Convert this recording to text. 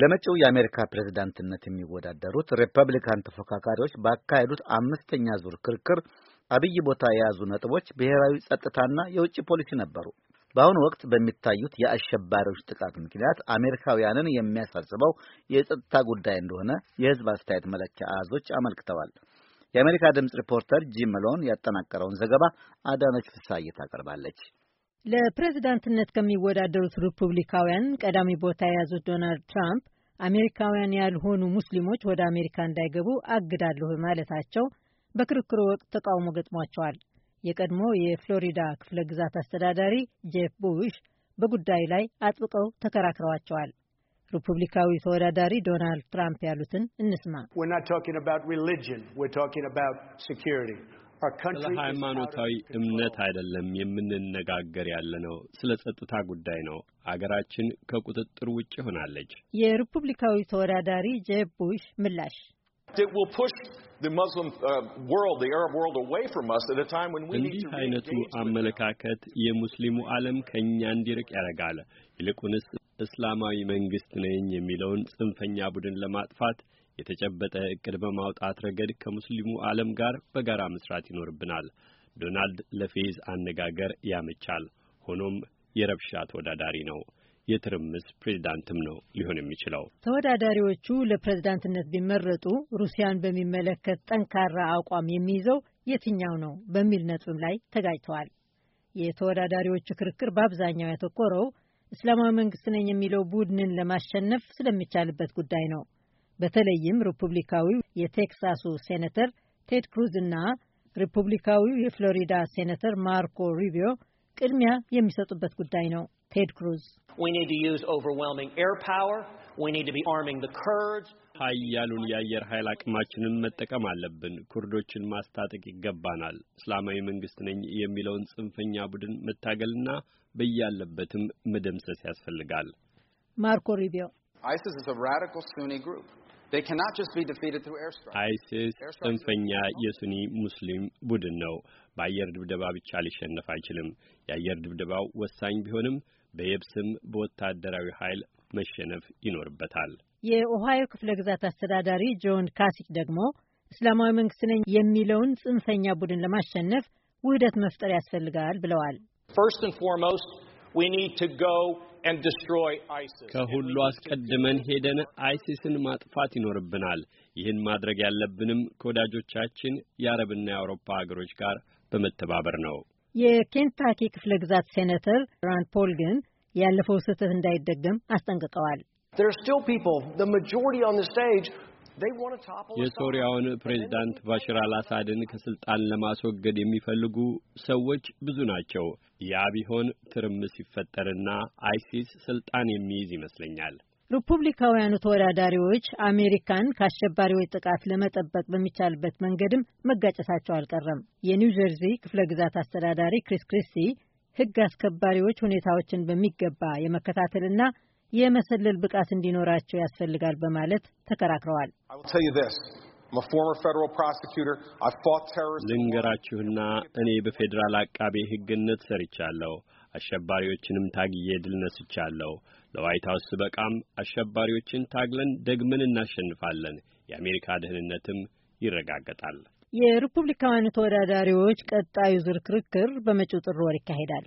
ለመጪው የአሜሪካ ፕሬዝዳንትነት የሚወዳደሩት ሪፐብሊካን ተፎካካሪዎች ባካሄዱት አምስተኛ ዙር ክርክር አብይ ቦታ የያዙ ነጥቦች ብሔራዊ ጸጥታና የውጭ ፖሊሲ ነበሩ። በአሁኑ ወቅት በሚታዩት የአሸባሪዎች ጥቃት ምክንያት አሜሪካውያንን የሚያሳስበው የጸጥታ ጉዳይ እንደሆነ የሕዝብ አስተያየት መለኪያ አሃዞች አመልክተዋል። የአሜሪካ ድምፅ ሪፖርተር ጂም መሎን ያጠናቀረውን ዘገባ አዳነች ፍሳ ታቀርባለች። ለፕሬዝዳንትነት ከሚወዳደሩት ሪፑብሊካውያን ቀዳሚ ቦታ የያዙት ዶናልድ ትራምፕ አሜሪካውያን ያልሆኑ ሙስሊሞች ወደ አሜሪካ እንዳይገቡ አግዳለሁ ማለታቸው በክርክሩ ወቅት ተቃውሞ ገጥሟቸዋል። የቀድሞ የፍሎሪዳ ክፍለ ግዛት አስተዳዳሪ ጄፍ ቡሽ በጉዳዩ ላይ አጥብቀው ተከራክረዋቸዋል። ሪፑብሊካዊ ተወዳዳሪ ዶናልድ ትራምፕ ያሉትን እንስማ። ስለ ሃይማኖታዊ እምነት አይደለም የምንነጋገር ያለ ነው። ስለ ጸጥታ ጉዳይ ነው። አገራችን ከቁጥጥር ውጭ ሆናለች። የሪፑብሊካዊ ተወዳዳሪ ጄብ ቡሽ ምላሽ uh, እንዲህ አይነቱ አመለካከት የሙስሊሙ ዓለም ከእኛ እንዲርቅ ያደርጋል። ይልቁንስ እስላማዊ መንግስት ነኝ የሚለውን ጽንፈኛ ቡድን ለማጥፋት የተጨበጠ እቅድ በማውጣት ረገድ ከሙስሊሙ ዓለም ጋር በጋራ መስራት ይኖርብናል። ዶናልድ ለፌዝ አነጋገር ያመቻል። ሆኖም የረብሻ ተወዳዳሪ ነው፣ የትርምስ ፕሬዚዳንትም ነው ሊሆን የሚችለው። ተወዳዳሪዎቹ ለፕሬዚዳንትነት ቢመረጡ ሩሲያን በሚመለከት ጠንካራ አቋም የሚይዘው የትኛው ነው በሚል ነጥብ ላይ ተጋጭተዋል። የተወዳዳሪዎቹ ክርክር በአብዛኛው ያተኮረው እስላማዊ መንግስት ነኝ የሚለው ቡድንን ለማሸነፍ ስለሚቻልበት ጉዳይ ነው። በተለይም ሪፑብሊካዊው የቴክሳሱ ሴኔተር ቴድ ክሩዝ እና ሪፑብሊካዊው የፍሎሪዳ ሴኔተር ማርኮ ሩቢዮ ቅድሚያ የሚሰጡበት ጉዳይ ነው። ቴድ ክሩዝ ኃያሉን የአየር ኃይል አቅማችንን መጠቀም አለብን። ኩርዶችን ማስታጠቅ ይገባናል። እስላማዊ መንግስት ነኝ የሚለውን ጽንፈኛ ቡድን መታገልና በያለበትም መደምሰስ ያስፈልጋል። ማርኮ ሩቢዮ አይሲስ ጽንፈኛ የሱኒ ሙስሊም ቡድን ነው። በአየር ድብደባ ብቻ ሊሸነፍ አይችልም። የአየር ድብደባው ወሳኝ ቢሆንም በየብስም በወታደራዊ ኃይል መሸነፍ ይኖርበታል። የኦሃዮ ክፍለ ግዛት አስተዳዳሪ ጆን ካሲክ ደግሞ እስላማዊ መንግስት ነኝ የሚለውን ጽንፈኛ ቡድን ለማሸነፍ ውህደት መፍጠር ያስፈልጋል ብለዋል። ከሁሉ አስቀድመን ሄደን አይሲስን ማጥፋት ይኖርብናል። ይህን ማድረግ ያለብንም ከወዳጆቻችን የአረብና የአውሮፓ ሀገሮች ጋር በመተባበር ነው። የኬንታኪ ክፍለ ግዛት ሴኔተር ራንድ ፖል ግን ያለፈው ስህተት እንዳይደገም አስጠንቅቀዋል። የሶሪያውን ፕሬዝዳንት ባሽር አልአሳድን ከስልጣን ለማስወገድ የሚፈልጉ ሰዎች ብዙ ናቸው። ያ ቢሆን ትርምስ ይፈጠርና አይሲስ ስልጣን የሚይዝ ይመስለኛል። ሪፑብሊካውያኑ ተወዳዳሪዎች አሜሪካን ከአሸባሪዎች ጥቃት ለመጠበቅ በሚቻልበት መንገድም መጋጨታቸው አልቀረም። የኒው ጀርዚ ክፍለ ግዛት አስተዳዳሪ ክሪስ ክሪስቲ ሕግ አስከባሪዎች ሁኔታዎችን በሚገባ የመከታተልና የመሰለል ብቃት እንዲኖራቸው ያስፈልጋል በማለት ተከራክረዋል። ልንገራችሁና እኔ በፌዴራል አቃቤ ሕግነት ሰርቻለሁ። አሸባሪዎችንም ታግዬ ድል ነስቻለሁ። ለዋይት ሀውስ አሸባሪዎችን ታግለን ደግመን እናሸንፋለን። የአሜሪካ ደህንነትም ይረጋገጣል። የሪፑብሊካውያኑ ተወዳዳሪዎች ቀጣዩ ዙር ክርክር በመጪው ጥር ወር ይካሄዳል።